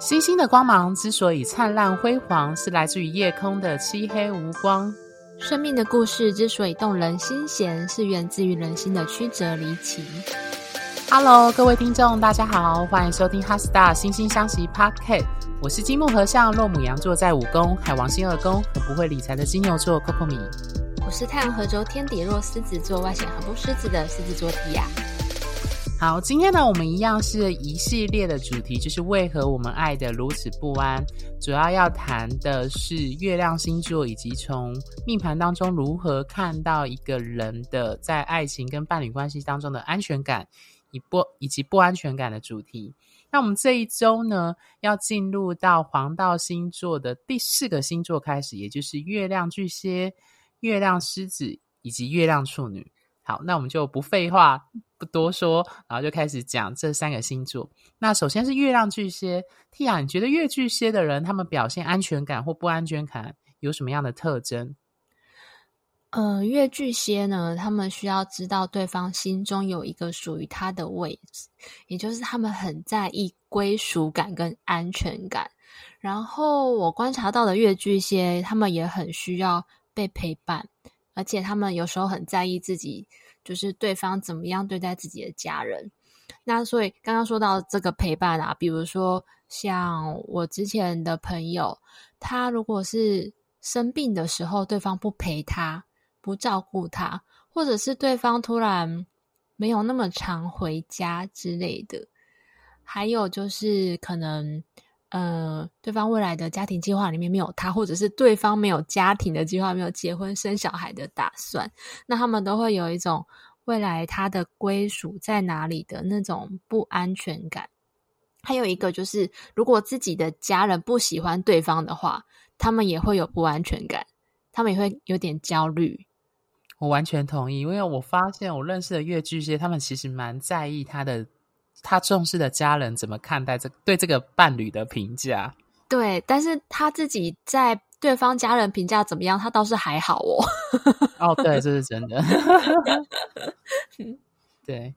星星的光芒之所以燦爛輝煌，是來自於夜空的漆黑無光；生命的故事之所以動人心弦，是源自於人心的曲折離奇。Hello，各位聽眾，大家好，歡迎收聽《哈 Star 星星相習 p o r c a s 我是金木和象，落母羊座在五宮，海王星二宮，很不會理財的金牛座 o m 米。我是太陽河州天底落獅子座外顯很不獅子的獅子座蒂亞。好，今天呢，我們一樣是一系列的主題，就是為何我們愛得如此不安。主要要談的是月亮星座，以及從命盤當中如何看到一個人的在愛情跟伴侶關係當中的安全感，以不以及不安全感的主題。那我們這一周呢，要進入到黃道星座的第四個星座開始，也就是月亮巨蟹、月亮獅子以及月亮處女。好，那我們就不廢話。不多說，然後就開始講這三個星座。那首先是月亮巨蟹，Tia，你覺得月巨蟹的人他們表現安全感或不安全感有什麼樣的特徵？呃，月巨蟹呢，他們需要知道對方心中有一個屬於他的位置，也就是他們很在意歸屬感跟安全感。然後我觀察到的月巨蟹，他們也很需要被陪伴，而且他們有時候很在意自己。就是對方怎麼樣對待自己的家人，那所以剛剛說到這個陪伴啊，比如說像我之前的朋友，他如果是生病的時候，對方不陪他、不照顧他，或者是對方突然沒有那麼常回家之類的，還有就是可能。呃，對方未來的家庭計劃裡面沒有他，或者是對方沒有家庭的計劃，沒有結婚生小孩的打算，那他們都會有一種未來他的歸屬在哪裡的那種不安全感。還有一個就是，如果自己的家人不喜歡對方的話，他們也會有不安全感，他們也會有點焦慮。我完全同意，因為我發現我認識的月巨蟹，他們其實蠻在意他的。他重視的家人怎麼看待這對這個伴侶的評價？對，但是他自己在對方家人評價怎麼樣，他倒是還好哦。 哦，對，這是真的。 對，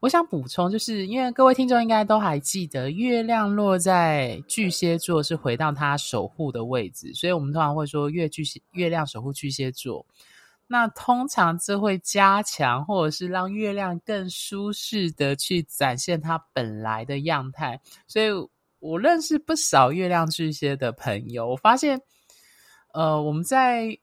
我想補充，就是因為各位聽眾應該都還記得，月亮落在巨蟹座是回到他守護的位置，所以我們通常會說月巨蟹、月亮守護巨蟹座。那通常這會加強，或者是讓月亮更舒適的去展現它本來的樣態。所以，我認識不少月亮巨蟹的朋友，我發現，呃，我們在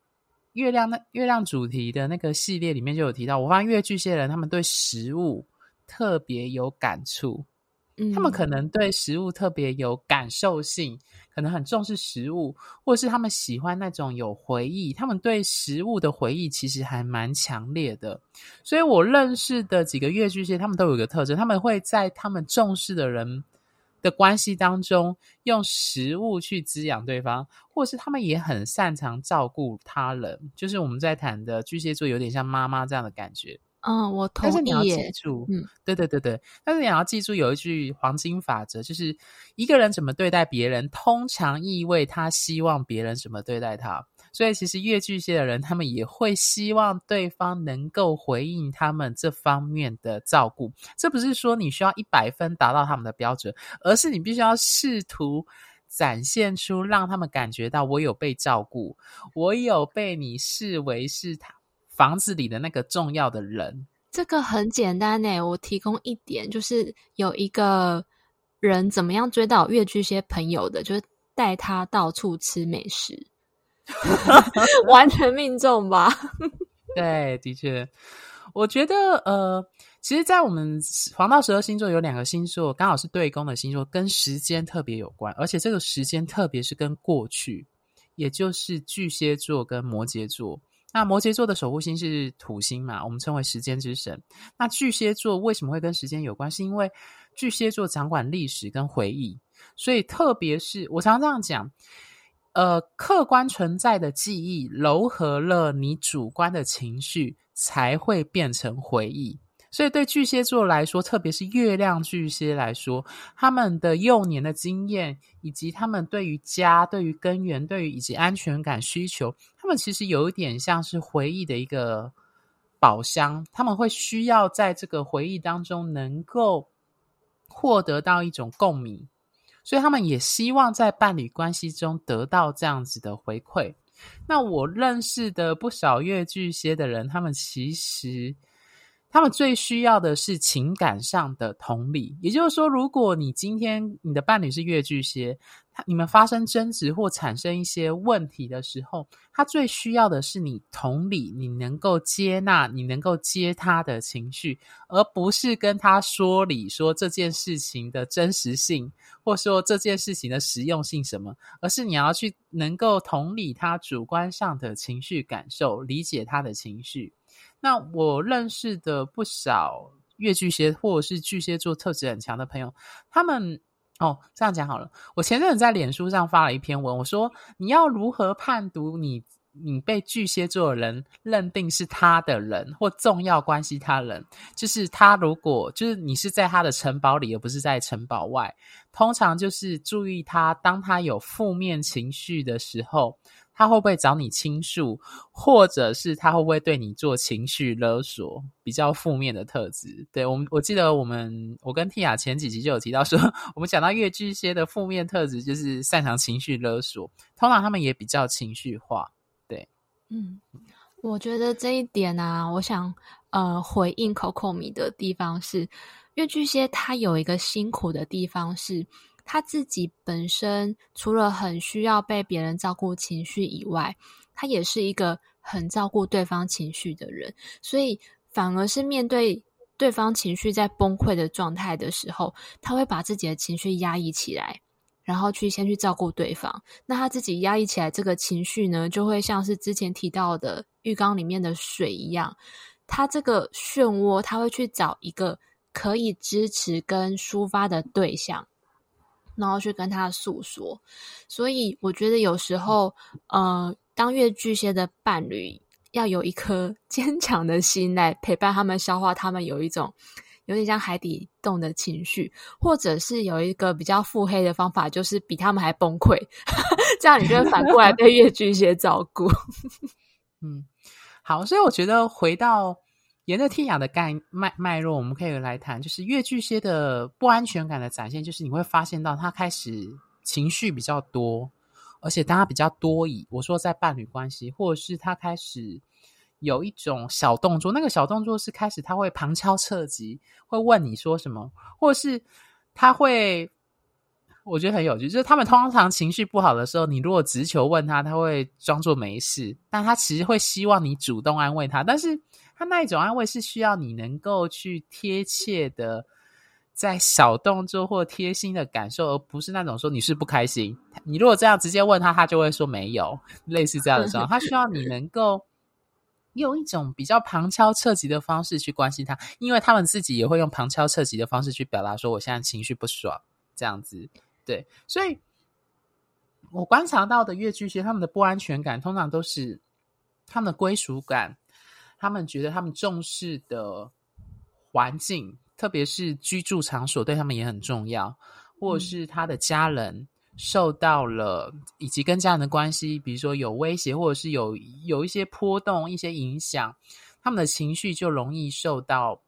月亮那月亮主題的那個系列裡面就有提到，我發現月巨蟹人他們對食物特別有感觸。他們可能對食物特別有感受性，嗯，可能很重視食物，或是他們喜歡那種有回憶。他們對食物的回憶其實還蠻強烈的。所以我認識的幾個月巨蟹，他們都有一個特徵：他們會在他們重視的人的關係當中，用食物去滋養對方，或是他們也很擅長照顧他人。就是我們在談的巨蟹座，有點像媽媽這樣的感覺。嗯、哦，我通你也住，嗯，對對對對，但是你要記住有一句黃金法則，就是一個人怎麼對待別人，通常意味他希望別人怎麼對待他。所以其實月巨蟹的人，他們也會希望對方能夠回應他們這方面的照顧。這不是說你需要一百分達到他們的標準，而是你必須要試圖展現出讓他們感覺到我有被照顧，我有被你視為是他房子裡的那個重要的人，這個很簡單呢、欸。我提供一點，就是有一個人怎麼樣追到月巨蟹朋友的，就是帶他到處吃美食， 完全命中吧。 對，的確，我覺得呃，其實，在我們黃道十二星座有兩個星座剛好是對宮的星座，跟時間特別有關，而且這個時間特別是跟過去，也就是巨蟹座跟摩羯座。那摩羯座的守護星是土星嘛，我們稱為時間之神。那巨蟹座為什麼會跟時間有關？是因為巨蟹座掌管歷史跟回憶，所以特別是我常常這樣講，呃，客觀存在的記憶糅合了你主觀的情緒，才會變成回憶。所以，對巨蟹座來說，特別是月亮巨蟹來說，他們的幼年的經驗，以及他們對於家、對於根源、對於以及安全感需求，他們其實有一點像是回憶的一個寶箱，他們會需要在這個回憶當中能夠獲得到一種共鳴，所以他們也希望在伴侶關係中得到這樣子的回饋。那我認識的不少月巨蟹的人，他們其實。他們最需要的是情感上的同理，也就是說，如果你今天你的伴侶是月巨蟹，他你們發生爭執或產生一些問題的時候，他最需要的是你同理，你能夠接納，你能夠接他的情緒，而不是跟他說理，說這件事情的真實性，或說這件事情的實用性什麼，而是你要去能夠同理他主觀上的情緒感受，理解他的情緒。那我認識的不少月巨蟹，或者是巨蟹座特質很強的朋友，他們哦，這樣講好了。我前陣子在臉書上發了一篇文，我說你要如何判讀你你被巨蟹座的人認定是他的人或重要關係他的人，就是他如果就是你是在他的城堡裡，而不是在城堡外，通常就是注意他，當他有負面情緒的時候，他會不會找你傾訴，或者是他會不會對你做情緒勒索？比較負面的特質，對，我們我記得我們我跟蒂雅前幾集就有提到說，我們講到月巨蟹的負面特質就是擅長情緒勒索，通常他們也比較情緒化。對，嗯，我覺得這一點呢、啊，我想呃回應 Coco 米的地方是，月巨蟹他有一個辛苦的地方是。他自己本身除了很需要被別人照顧情緒以外，他也是一個很照顧對方情緒的人。所以反而是面對對方情緒在崩潰的狀態的時候，他會把自己的情緒壓抑起來，然後去先去照顧對方。那他自己壓抑起來這個情緒呢，就會像是之前提到的浴缸裡面的水一樣，他這個漩渦，他會去找一個可以支持跟抒發的對象。然後去跟他訴說，所以我覺得有時候，嗯、呃，當月巨蟹的伴侶要有一顆堅強的心來陪伴他們消化他們有一種有點像海底洞的情緒，或者是有一個比較腹黑的方法，就是比他們還崩潰， 這樣你就會反過來被月巨蟹照顧。 嗯，好，所以我覺得回到。沿着天涯的概念脈絡，我們可以來談，就是月巨蟹的不安全感的展現，就是你會發現到他開始情緒比較多，而且當他比較多疑，我說在伴侶關係，或者是他開始有一種小動作，那個小動作是開始他會旁敲側擊，會問你說什麼，或者是他會我覺得很有趣，就是他們通常情緒不好的時候，你如果直球問他，他會裝作沒事，但他其實會希望你主動安慰他，但是。他那一種安慰是需要你能夠去貼切的，在小動作或貼心的感受，而不是那種說你是不開心。你如果這樣直接問他，他就會說沒有。類似這樣的時候， 他需要你能夠用一種比較旁敲側擊的方式去關心他，因為他們自己也會用旁敲側擊的方式去表達說我現在情緒不爽這樣子。對，所以我觀察到的巨蟹座他們的不安全感，通常都是他們的歸屬感。他們覺得他們重視的環境，特別是居住場所，對他們也很重要。或者是他的家人受到了，嗯、以及跟家人的關係，比如說有威脅，或者是有有一些波動、一些影響，他們的情緒就容易受到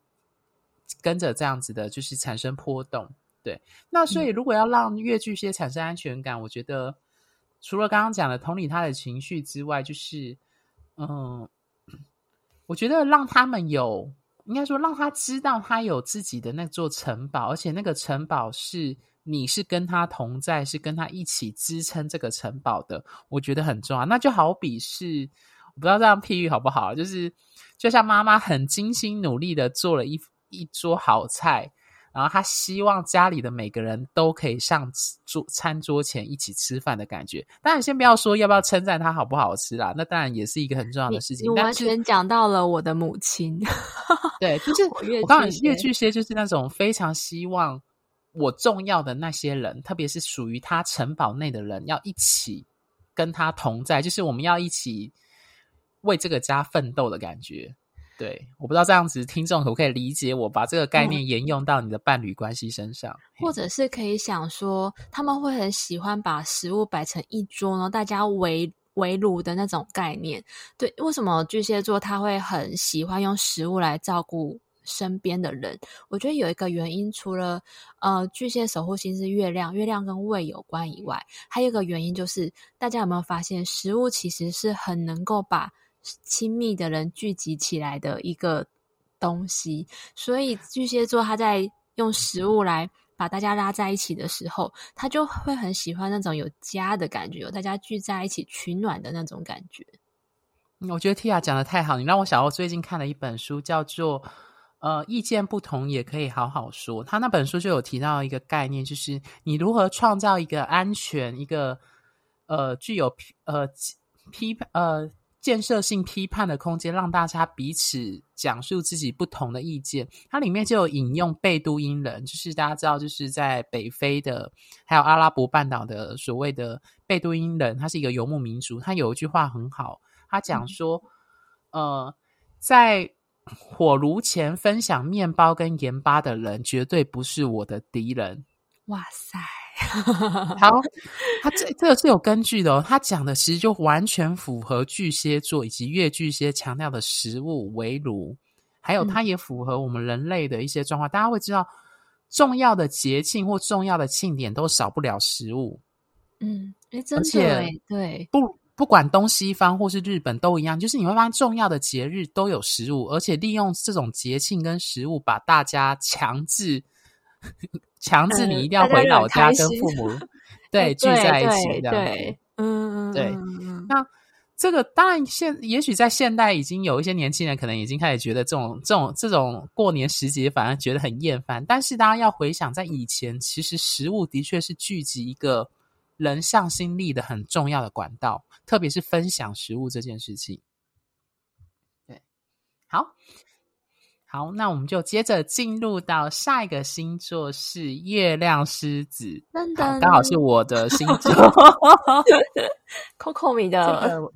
跟着這樣子的，就是產生波動。對，那所以如果要讓月巨蟹產生安全感，嗯、我覺得除了剛剛講的同理他的情緒之外，就是嗯。我覺得讓他們有，應該說讓他知道他有自己的那座城堡，而且那個城堡是你是跟他同在，是跟他一起支撐這個城堡的，我覺得很重要。那就好比是，我不知道這樣譬喻好不好？就是就像媽媽很精心努力的做了一一桌好菜。然後他希望家裡的每個人都可以上桌餐桌前一起吃飯的感覺。當然，先不要說要不要稱讚他好不好吃啦，那當然也是一個很重要的事情。你完全講到了我的母親， 對， 就是我當然，巨蟹就是那種非常希望我重要的那些人，特別是屬於他城堡內的人，要一起跟他同在，就是我們要一起為這個家奮鬥的感覺。對，我不知道這樣子聽眾可不可以理解我，我把這個概念沿用到你的伴侶關係身上。嗯，或者是可以想說，他們會很喜歡把食物擺成一桌呢，大家圍圍爐的那種概念。對，為什麼巨蟹座他會很喜歡用食物來照顧身邊的人？我覺得有一個原因，除了呃巨蟹守護星是月亮，月亮跟胃有關以外，還有一個原因就是大家有沒有發現，食物其實是很能夠把。親密的人聚集起來的一個東西，所以巨蟹座他在用食物來把大家拉在一起的時候，他就會很喜歡那種有家的感覺，有大家聚在一起取暖的那種感覺。我覺得 Tia 講得太好，你讓我想到最近看了一本書，叫做《呃，意見不同也可以好好說》。他那本書就有提到一個概念，就是你如何創造一個安全、一個呃具有呃批呃。批呃建設性批判的空間，讓大家彼此講述自己不同的意見。它裡面就有引用貝都因人，就是大家知道，就是在北非的，還有阿拉伯半島的所謂的貝都因人，他是一個游牧民族。他有一句話很好，他講說、嗯：“呃，在火爐前分享麵包跟鹽巴的人，絕對不是我的敵人。”哇塞！ 好，他這這個是有根據的哦。他講的其實就完全符合巨蟹座以及月巨蟹強調的食物，為如，還有它也符合我們人類的一些狀況、嗯。大家會知道，重要的節慶或重要的慶典都少不了食物。嗯，哎、欸真的欸，而且對，不不管東西方或是日本都一樣，就是你會發現重要的節日都有食物，而且利用這種節慶跟食物把大家強制。強 制你一定要回老家跟父母對聚在一起這樣子，嗯，對。那這個當然現，也許在現代已經有一些年輕人可能已經開始覺得這種這種這種，這種過年時節反而覺得很厭煩。但是大家要回想，在以前，其實食物的確是聚集一個人向心力的很重要的管道，特別是分享食物這件事情。對，好。好，那我們就接着進入到下一個星座，是月亮獅子，剛好，好是我的星座，Coco 米 的、這個。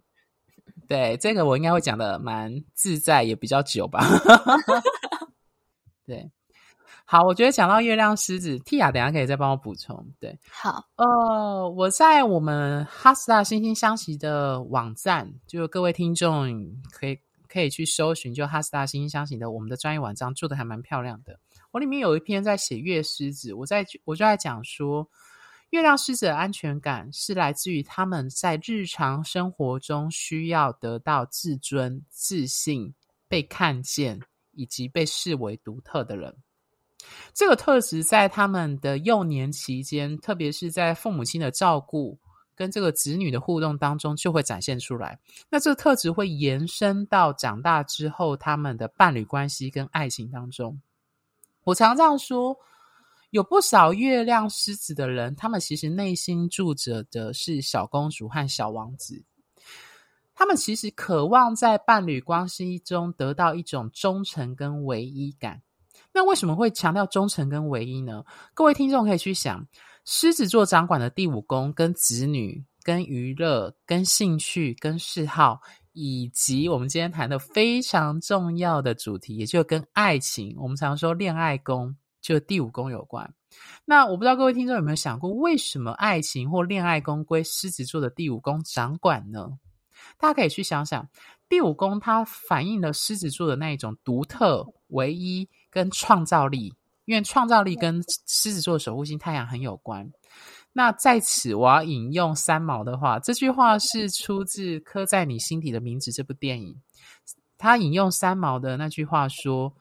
對，這個我應該會講的蠻自在，也比較久吧。 對，好，我覺得講到月亮獅子，Tia 等一下可以再幫我補充。對，好，哦、呃，我在我們 HeartStar 心星相惜的網站，就各位聽眾可以。可以去搜尋，就哈斯達心星相惜的，我們的專業文章做得還蠻漂亮的。我裡面有一篇在寫月獅子，我在我就在講說，月亮獅子的安全感是來自於他們在日常生活中需要得到自尊、自信、被看見，以及被視為獨特的人。這個特質在他們的幼年期間，特別是在父母親的照顧。跟這個子女的互動當中，就會展現出來。那這個特質會延伸到長大之後，他們的伴侶關係跟愛情當中。我常常說，有不少月亮獅子的人，他們其實內心住着的是小公主和小王子。他們其實渴望在伴侶關係中得到一種忠誠跟唯一感。那為什麼會強調忠誠跟唯一呢？各位聽眾可以去想。獅子座掌管的第五宮，跟子女、跟娛樂、跟興趣、跟嗜好，以及我們今天談的非常重要的主題，也就跟愛情。我們常說戀愛宮，就第五宮有關。那我不知道各位聽眾有沒有想過，為什麼愛情或戀愛宮歸獅子座的第五宮掌管呢？大家可以去想想，第五宮它反映了獅子座的那一種獨特、唯一跟創造力。因為創造力跟獅子座的守護星太陽很有關，那在此我要引用三毛的話，這句話是出自《刻在你心底的名字》這部電影，他引用三毛的那句話說：“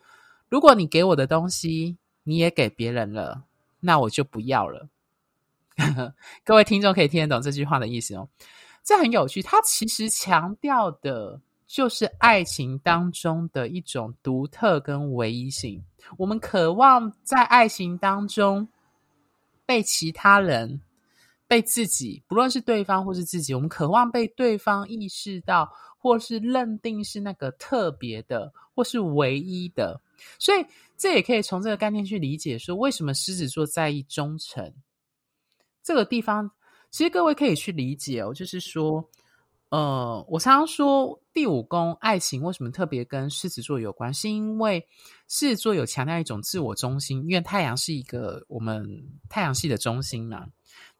如果你給我的東西你也給別人了，那我就不要了。 ”各位聽眾可以聽得懂這句話的意思哦，這很有趣，他其實強調的。就是愛情當中的一種獨特跟唯一性。我們渴望在愛情當中被其他人、被自己，不論是對方或是自己，我們渴望被對方意識到，或是認定是那個特別的，或是唯一的。所以，這也可以從這個概念去理解，說為什麼獅子座在意忠誠。這個地方，其實各位可以去理解哦，就是說。呃，我常常說第五宮愛情為什麼特別跟獅子座有關，是因為獅子座有強調一種自我中心，因為太陽是一個我們太陽系的中心嘛。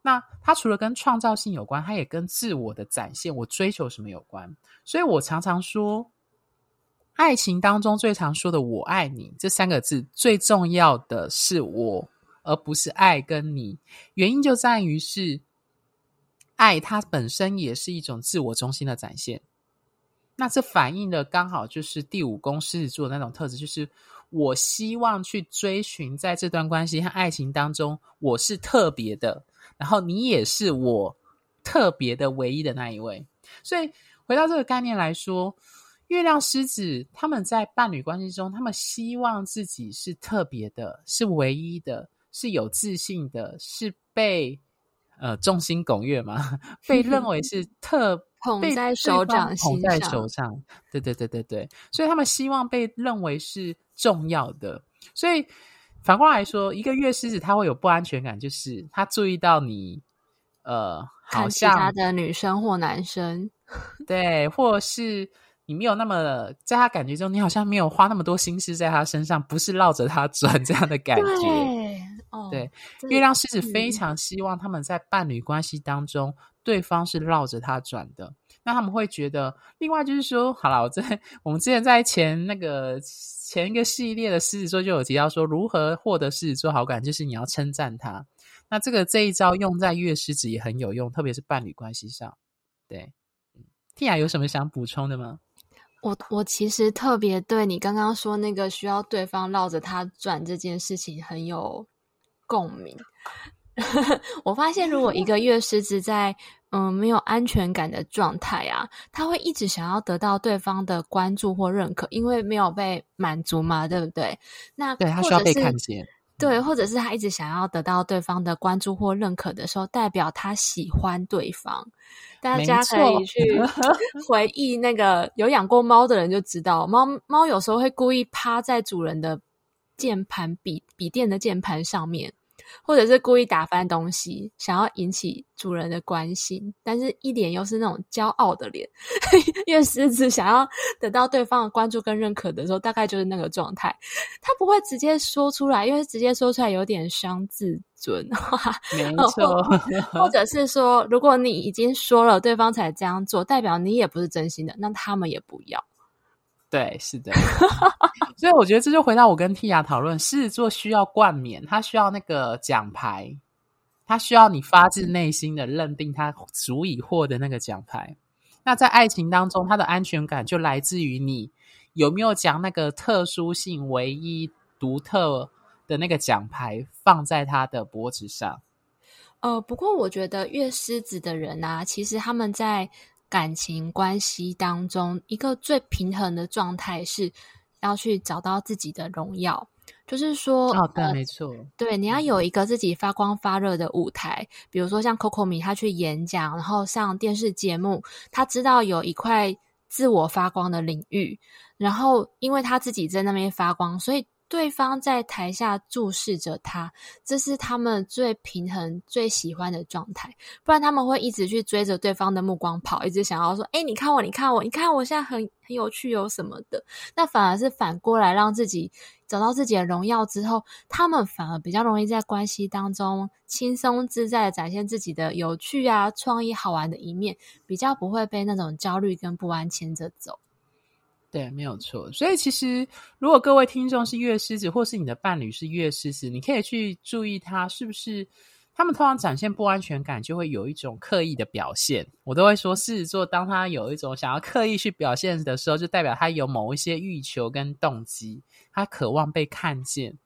那它除了跟創造性有關，它也跟自我的展現、我追求什麼有關。所以我常常說，愛情當中最常說的“我愛你”這三個字，最重要的是我，而不是愛跟你。原因就在於是。愛它本身也是一種自我中心的展現，那這反映的剛好就是第五宮獅子座那種特質，就是我希望去追尋在這段關係和愛情當中，我是特別的，然後你也是我特別的唯一的那一位。所以回到這個概念來說，月亮獅子他們在伴侶關係中，他們希望自己是特別的，是唯一的，是有自信的，是被。呃，眾星拱月嘛，被認為是特 捧在手掌心上，捧在手上。對對對對對，所以他們希望被認為是重要的。所以反過來說，一個月獅子他會有不安全感，就是他注意到你，呃，好像其他的女生或男生，對，或是你沒有那麼在他感覺中，你好像沒有花那麼多心思在他身上，不是繞着他轉這樣的感覺。對，月亮獅子非常希望他們在伴侶關係當中，對方是繞着他轉的。那他們會覺得，另外就是說，好了，我在我們之前在前那個前一個系列的獅子座就有提到說，如何獲得獅子座好感，就是你要稱讚他。那這個這一招用在月獅子也很有用，特別是伴侶關係上。對，嗯，天雅有什麼想補充的嗎？我我其實特別對你剛剛說那個需要對方繞着他轉這件事情很有。共鳴。 我發現，如果一個月獅子在嗯沒有安全感的狀態啊，他會一直想要得到對方的關注或認可，因為沒有被滿足嘛，對不對？那對他需要被看見，對，或者是他一直想要得到對方的關注或認可的時候，代表他喜歡對方。大家可以去回憶，那個有養過貓的人就知道，貓貓有時候會故意趴在主人的。鍵盤筆筆電的鍵盤上面，或者是故意打翻東西，想要引起主人的關心，但是一臉又是那種驕傲的臉，呵呵，因為獅子想要得到對方的關注跟認可的時候，大概就是那個狀態。他不會直接說出來，因為直接說出來有點傷自尊，哇，沒錯。或者是說， 如果你已經說了，對方才這樣做，代表你也不是真心的，那他們也不要。對，是的， 所以我覺得這就回到我跟蒂雅討論，獅子座需要冠冕，他需要那個獎牌，他需要你發自內心的認定他足以獲得那個獎牌。那在愛情當中，他的安全感就來自於你有沒有將那個特殊性、唯一獨特的那個獎牌放在他的脖子上。呃，不過我覺得，月獅子的人啊，其實他們在。感情關係當中，一個最平衡的狀態是，要去找到自己的榮耀，就是說，好、哦、的、呃，沒錯，對，你要有一個自己發光發熱的舞台，比如說像 Coco 米，他去演講，然後上電視節目，他知道有一塊自我發光的領域，然後因為他自己在那邊發光，所以。對方在台下注視着他，這是他們最平衡、最喜歡的狀態。不然他們會一直去追着對方的目光跑，一直想要說：“哎，你看我，你看我，你看我現在很很有趣有什麼的。”那反而是反過來讓自己找到自己的榮耀之後，他們反而比較容易在關係當中輕鬆自在的展現自己的有趣啊、創意、好玩的一面，比較不會被那種焦慮跟不安牽着走。對，沒有錯。所以其實，如果各位聽眾是月獅子，或是你的伴侶是月獅子，你可以去注意他是不是，他們通常展現不安全感，就會有一種刻意的表現。我都會說獅子座，當他有一種想要刻意去表現的時候，就代表他有某一些欲求跟動機，他渴望被看見。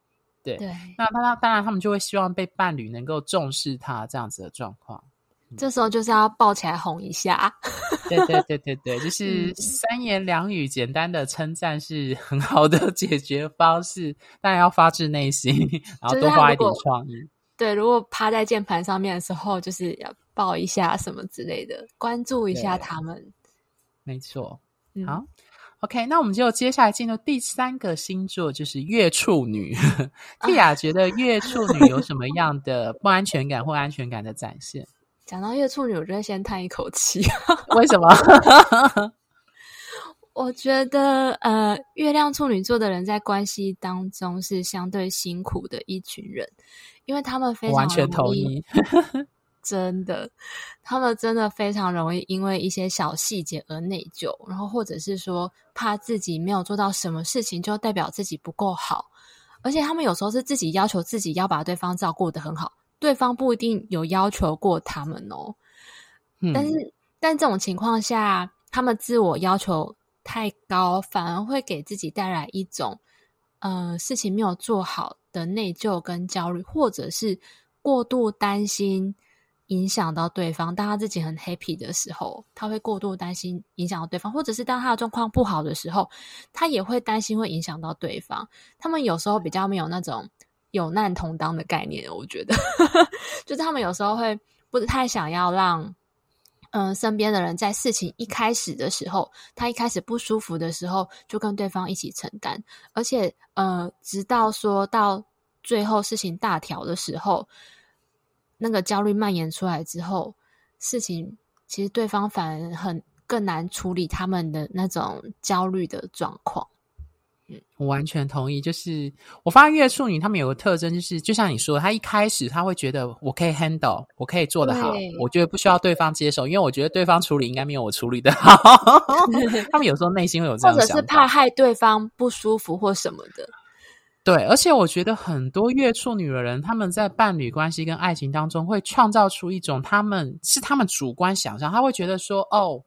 對，對那他他當然他們就會希望被伴侶能夠重視他這樣子的狀況。這時候就是要抱起來哄一下， 對對對對對，就是三言兩語簡單的稱讚是很好的解決方式，但要發自內心，然後多花一點創意，就是。對，如果趴在鍵盤上面的時候，就是要抱一下什麼之類的，關注一下他們。沒錯，好、嗯，OK，那我們就接下來進入第三個星座，就是月處女。蒂、啊、 雅覺得月處女有什麼樣的不安全感或安全感的展現？講到月處女，我就會先嘆一口氣。為什麼？ 我覺得呃，月亮處女座的人在關係當中是相對辛苦的一群人，因為他們非常容易，完全同意 真的，他們真的非常容易因為一些小細節而內疚，然後或者是說怕自己沒有做到什麼事情，就代表自己不夠好，而且他們有時候是自己要求自己要把對方照顧得很好。對方不一定有要求過他們哦，但是、嗯、但這種情況下，他們自我要求太高，反而會給自己帶來一種嗯、呃、事情沒有做好的內疚跟焦慮，或者是過度擔心影響到對方。當他自己很 happy 的時候，他會過度擔心影響到對方，或者是當他的狀況不好的時候，他也會擔心會影響到對方。他們有時候比較沒有那種。有難同當的概念，我覺得， 就是他們有時候會不太想要讓，嗯、呃，身邊的人在事情一開始的時候，他一開始不舒服的時候，就跟對方一起承擔，而且，嗯、呃，直到說到最後事情大條的時候，那個焦慮蔓延出來之後，事情其實對方反而很更難處理他們的那種焦慮的狀況。我完全同意，就是我發現月處女他們有個特徵，就是就像你說的，他一開始他會覺得我可以 handle，我可以做得好，我覺得不需要對方接手，因為我覺得對方處理應該沒有我處理的好。 他們有時候內心會有這樣想，或者是怕害對方不舒服或什麼的。對，而且我覺得很多月處女的人，他們在伴侶關係跟愛情當中會創造出一種他們是他們主觀想象，他會覺得說哦，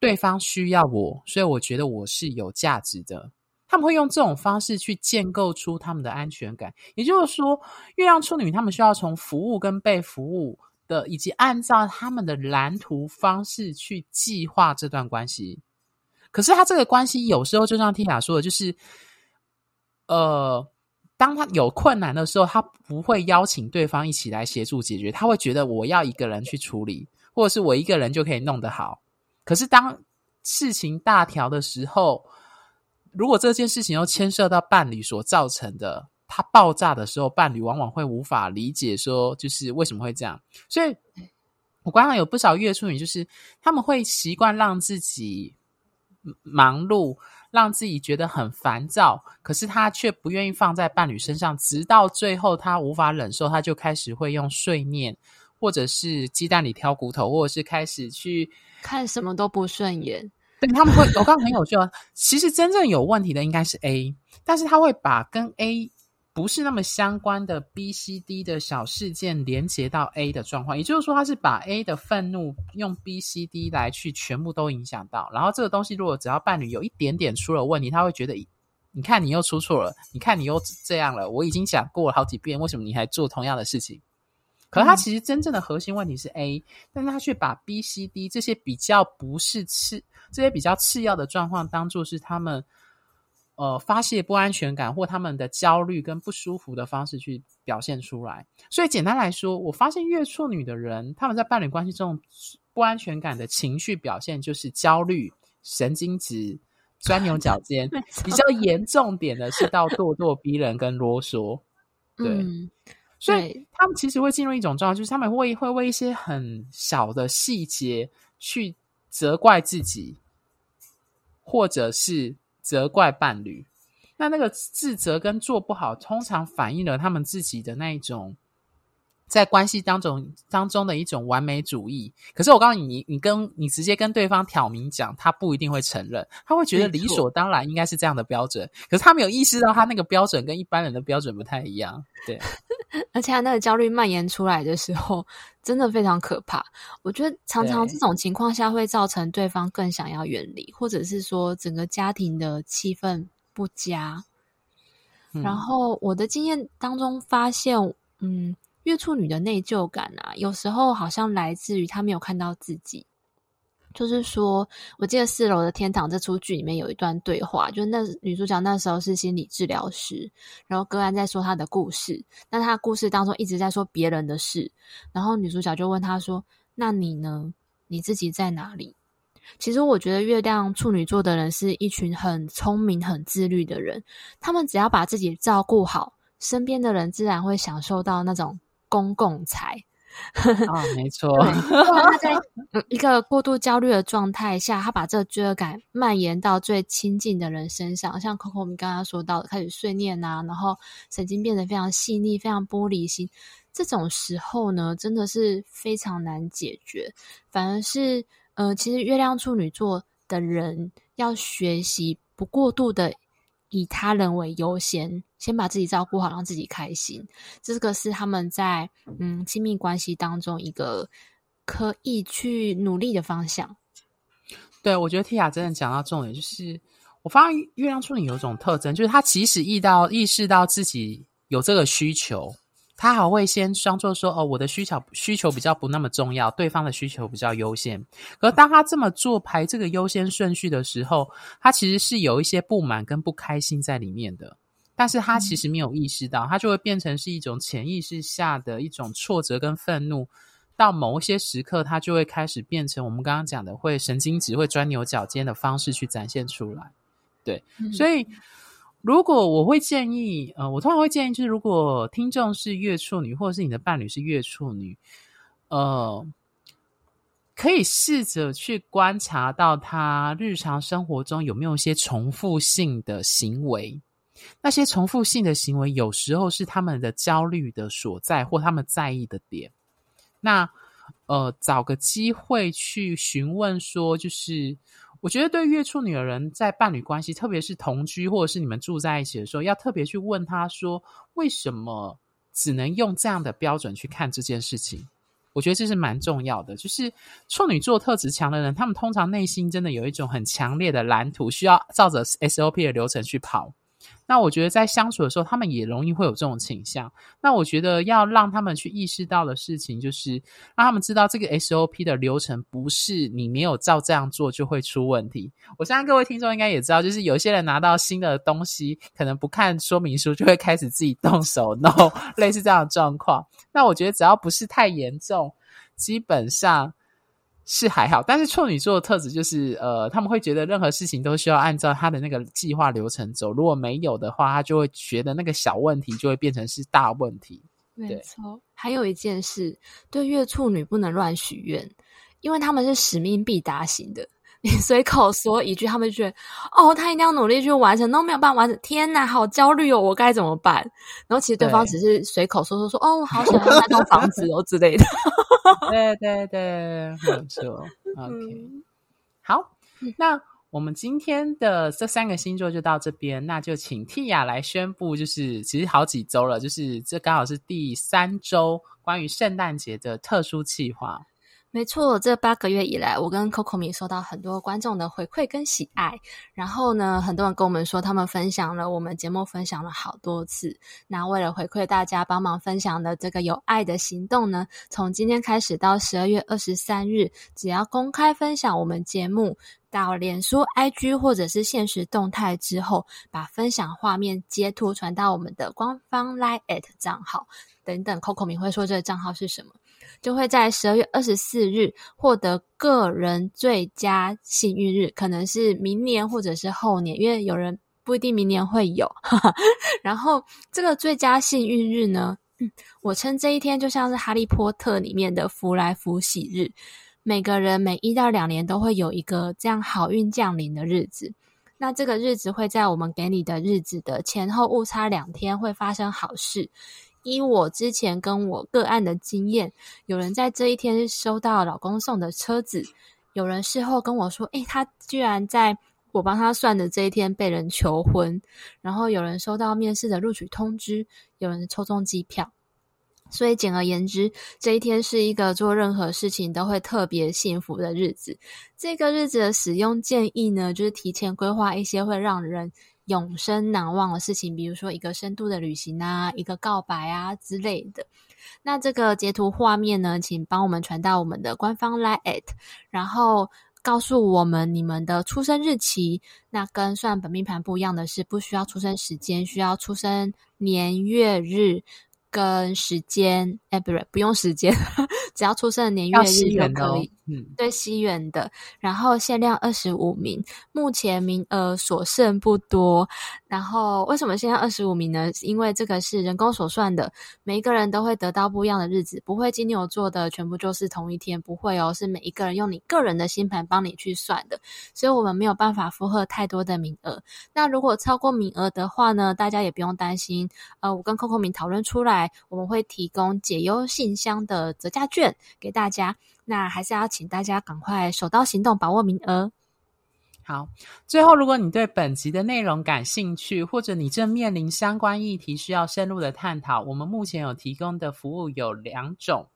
對方需要我，所以我覺得我是有價值的。他們會用這種方式去建構出他們的安全感，也就是說，月亮處女他們需要從服務跟被服務的，以及按照他們的藍圖方式去計劃這段關係。可是，他這個關係有時候就像 Tia 說的，就是，呃，當他有困難的時候，他不會邀請對方一起來協助解決，他會覺得我要一個人去處理，或者是我一個人就可以弄得好。可是，當事情大條的時候，如果這件事情又牽涉到伴侶所造成的，他爆炸的時候，伴侶往往會無法理解，說就是為什麼會這樣。所以我觀察有不少月處女，就是他們會習慣讓自己忙碌，讓自己覺得很煩躁，可是他卻不願意放在伴侶身上，直到最後他無法忍受，他就開始會用碎念或者是雞蛋裡挑骨頭，或者是開始去看什麼都不順眼。 對，他們會，我剛剛很有趣喔，其實真正有問題的應該是 A，但是他會把跟 A 不是那麼相關的 B、C、D 的小事件連接到 A 的狀況，也就是說，他是把 A 的憤怒用 B、C、D 來去全部都影響到。然後這個東西，如果只要伴侶有一點點出了問題，他會覺得，你看你又出錯了，你看你又這樣了，我已經講過了好幾遍，為什麼你還做同樣的事情？可是他其實真正的核心問題是 A，嗯，但是他卻把 B、C、D 這些比較不是次這些比較次要的狀況，當做是他們呃發洩不安全感或他們的焦慮跟不舒服的方式去表現出來。所以簡單來說，我發現月處女的人他們在伴侶關係中不安全感的情緒表現，就是焦慮、神經質、鑽牛角尖， 比較嚴重點的是到咄咄逼人跟囉嗦， 對。嗯所以他們其實會進入一種狀態，就是他們會會為一些很小的細節去責怪自己，或者是責怪伴侶。那那個自責跟做不好，通常反映了他們自己的那一種。在關係當中當中的一種完美主義，可是我告訴你，你你跟你直接跟對方挑明講，他不一定會承認，他會覺得理所當然，應該是這樣的標準。可是他沒有意識到，他那個標準跟一般人的標準不太一樣。對， 而且他那個焦慮蔓延出來的時候，真的非常可怕。我覺得常常這種情況下會造成對方更想要遠離，或者是說整個家庭的氣氛不佳。嗯。然後我的經驗當中發現，嗯。月處女的內疚感啊，有時候好像來自於他沒有看到自己。就是說，我記得四樓的天堂這出劇裡面有一段對話，就是、那女主角那時候是心理治療師，然後格蘭在說她的故事，那她的故事當中一直在說別人的事，然後女主角就問他說：“那你呢？你自己在哪裡？”其實我覺得月亮處女座的人是一群很聰明、很自律的人，他們只要把自己照顧好，身邊的人自然會享受到那種。公共財啊、 哦，沒錯。 他在、嗯、一個過度焦慮的狀態下，他把這個罪惡感蔓延到最親近的人身上，像 Coco 我們剛剛說到的，開始碎念啊，然後神經變得非常細膩、非常玻璃心。這種時候呢，真的是非常難解決。反而是，呃，其實月亮處女座的人要學習不過度的。以他人為優先，先把自己照顧好，讓自己開心。這個是他們在嗯親密關係當中一個可以去努力的方向。對，我覺得蒂亞真的講到重點，就是我發現月亮處女有一種特徵，就是她其實意到意識到自己有這個需求。他還會先裝作說：“哦，我的需求需求比較不那麼重要，對方的需求比較優先。”可當他這麼做排這個優先順序的時候，他其實是有一些不滿跟不開心在裡面的。但是他其實沒有意識到，他就會變成是一種潛意識下的一種挫折跟憤怒。到某一些時刻，他就會開始變成我們剛剛講的會神經質、會鑽牛角尖的方式去展現出來。對，所以。如果我會建議，呃，我通常會建議，就是如果聽眾是月處女，或者是你的伴侶是月處女，呃，可以試着去觀察到他日常生活中有沒有一些重複性的行為，那些重複性的行為有時候是他們的焦慮的所在，或他們在意的點。那呃，找個機會去詢問說，就是。我覺得對於月處女的人，在伴侶關係，特別是同居或者是你們住在一起的時候，要特別去問他說，為什麼只能用這樣的標準去看這件事情？我覺得這是蠻重要的。就是處女座特質強的人，他們通常內心真的有一種很強烈的藍圖，需要照着 SOP 的流程去跑。那我覺得在相處的時候，他們也容易會有這種傾向。那我覺得要讓他們去意識到的事情，就是讓他們知道這個 SOP 的流程不是你沒有照這樣做就會出問題。我相信各位聽眾應該也知道，就是有些人拿到新的東西，可能不看說明書就會開始自己動手弄，類似這樣的狀況。那我覺得只要不是太嚴重，基本上。是還好，但是處女座的特質就是，呃，他們會覺得任何事情都需要按照他的那個計劃流程走，如果沒有的話，他就會覺得那個小問題就會變成是大問題。沒錯，對，還有一件事，對月處女不能亂許願，因為他們是使命必達型的。隨口說一句，他們就覺得哦，他一定要努力去完成，都沒有辦法完成。天哪，好焦慮哦，我該怎麼辦？然後其實對方只是隨口說說，說，說哦，好想要那套房子哦 之類的。 對對對，沒錯。 OK，好，那我們今天的這三個星座就到這邊，嗯、那就請蒂雅來宣布，就是其實好幾週了，就是這剛好是第三週關於聖誕節的特殊計劃。沒錯，這八個月以來，我跟 Coco 米收到很多觀眾的回饋跟喜愛。然後呢，很多人跟我們說，他們分享了我們節目，分享了好多次。那為了回饋大家幫忙分享的這個有愛的行動呢，從今天開始到十二月二十三日，只要公開分享我們節目，到臉書、IG 或者是限時動態之後，把分享畫面、截圖傳到我們的官方 LINE@ 賬號等等。Coco 明會說這個賬號是什麼，就會在十二月二十四日獲得個人最佳幸運日，可能是明年或者是後年，因為有人不一定明年會有。哈哈，然後這個最佳幸運日呢、嗯，我稱這一天就像是哈利波特裡面的福來福喜日。每個人每一到兩年都會有一個這樣好運降臨的日子，那這個日子會在我們給你的日子的前後誤差兩天會發生好事。依我之前跟我個案的經驗，有人在這一天收到老公送的車子，有人事後跟我說，誒、欸，他居然在我幫他算的這一天被人求婚，然後有人收到面試的錄取通知，有人抽中機票。所以，簡而言之，這一天是一個做任何事情都會特別幸福的日子。這個日子的使用建議呢，就是提前規劃一些會讓人永生難忘的事情，比如說一個深度的旅行啊，一個告白啊之類的。那這個截圖畫面呢，請幫我們傳到我們的官方 Like 然後告訴我們你們的出生日期。那跟算本命盤不一樣的是，不需要出生時間，需要出生年月日。跟時間哎，欸、不對，不用時間，只要出生的年月日就、哦、可以。對、嗯，西元的，然後限量二十五名，目前名額所剩不多。然後為什麼限量二十五名呢？因為這個是人工所算的，每一個人都會得到不一樣的日子，不會金牛座的全部就是同一天，不會哦，是每一個人用你個人的星盤幫你去算的，所以我們沒有辦法負荷太多的名額。那如果超過名額的話呢，大家也不用擔心。呃，我跟 CoCo 明討論出來。我們會提供解憂信箱的折價券給大家，那還是要請大家趕快手刀行動，把握名額。好，最後如果你對本集的內容感興趣，或者你正面臨相關議題需要深入的探討，我們目前有提供的服務有兩種。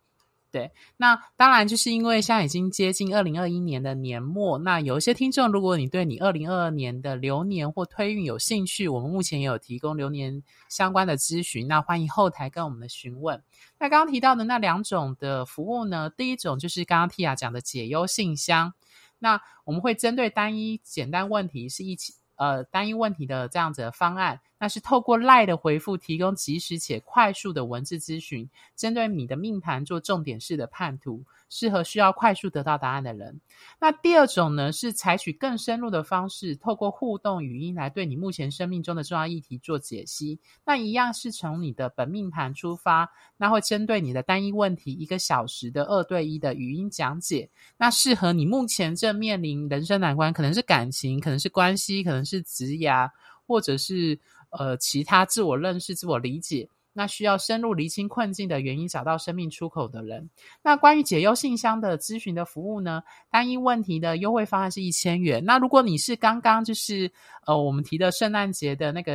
對，那當然就是因為現在已經接近二零二一年的年末，那有一些聽眾，如果你對你二零二二年的流年或推運有興趣，我們目前也有提供流年相關的諮詢，那歡迎後台跟我們的詢問。那剛剛提到的那兩種的服務呢，第一種就是剛剛 Tia 講的解憂信箱，那我們會針對單一簡單問題是一起呃單一問題的這樣子的方案。那是透過 LINE 的回復提供及時且快速的文字諮詢，針對你的命盤做重點式的判圖，適合需要快速得到答案的人。那第二種呢，是採取更深入的方式，透過互動語音來對你目前生命中的重要議題做解析。那一樣是從你的本命盤出發，那會針對你的單一問題，一個小時的二對一的語音講解。那適合你目前正面臨人生難關，可能是感情，可能是關係，可能是職涯，或者是。呃，其他自我認識、自我理解，那需要深入釐清困境的原因，找到生命出口的人。那關於解憂信箱的諮詢的服務呢，單一問題的優惠方案是一千元。那如果你是剛剛就是呃，我們提的聖誕節的那個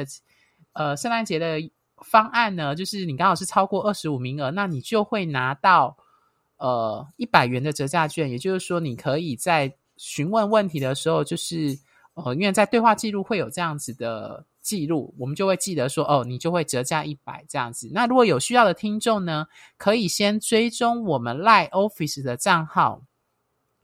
呃，聖誕節的方案呢，就是你剛好是超過二十五名額，那你就會拿到呃一百元的折價券。也就是說，你可以在詢問問題的時候，就是。哦，因為在對話記錄會有這樣子的記錄，我們就會記得說，哦，你就會折價一百這樣子。那如果有需要的聽眾呢，可以先追蹤我們 Line Office 的賬號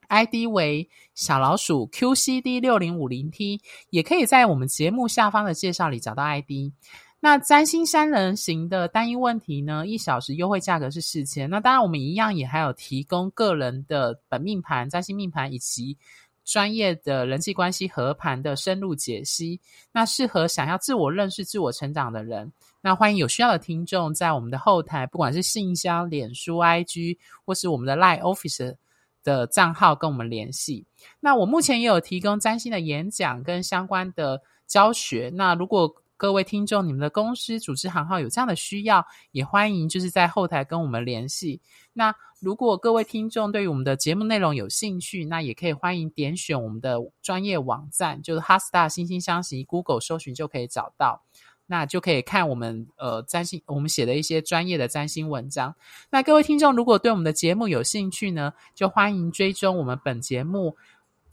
，ID 為小老鼠 QCD 六零五零 T，也可以在我們節目下方的介紹裡找到 ID。那占星三人行的單一問題呢，一小時優惠價格是四千。那當然，我們一樣也還有提供個人的本命盤、占星命盤以及。專業的人際關係合盤的深入解析，那適合想要自我認識、自我成長的人。那歡迎有需要的聽眾在我們的後台，不管是信箱、臉書、IG，或是我們的 Line Official 的賬號，跟我們聯繫。那我目前也有提供占星的演講跟相關的教學。那如果各位聽眾，你們的公司、組織、行號有這樣的需要，也歡迎就是在後台跟我們聯繫。那如果各位聽眾對於我們的節目內容有興趣，那也可以歡迎點選我們的專業網站，就是 HeartStar 心星相惜，Google 搜尋就可以找到，那就可以看我們呃占星我們寫的一些專業的占星文章。那各位聽眾如果對我們的節目有興趣呢，就歡迎追蹤我們本節目。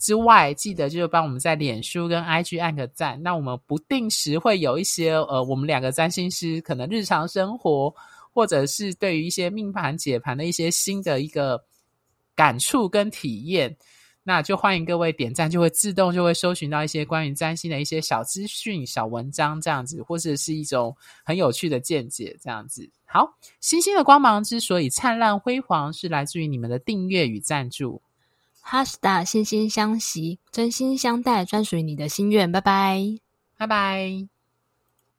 之外，記得就是幫我們在臉書跟 IG 按個讚。那我們不定時會有一些呃，我們兩個占星師可能日常生活，或者是對於一些命盤解盤的一些新的一個感觸跟體驗，那就歡迎各位點讚，就會自動就會搜尋到一些關於占星的一些小資訊、小文章這樣子，或者是一種很有趣的見解這樣子。好，星星的光芒之所以燦爛輝煌，是來自於你們的訂閱與贊助。HeartStar，心星相惜，真心相待，專屬於你的心願。拜拜，拜拜。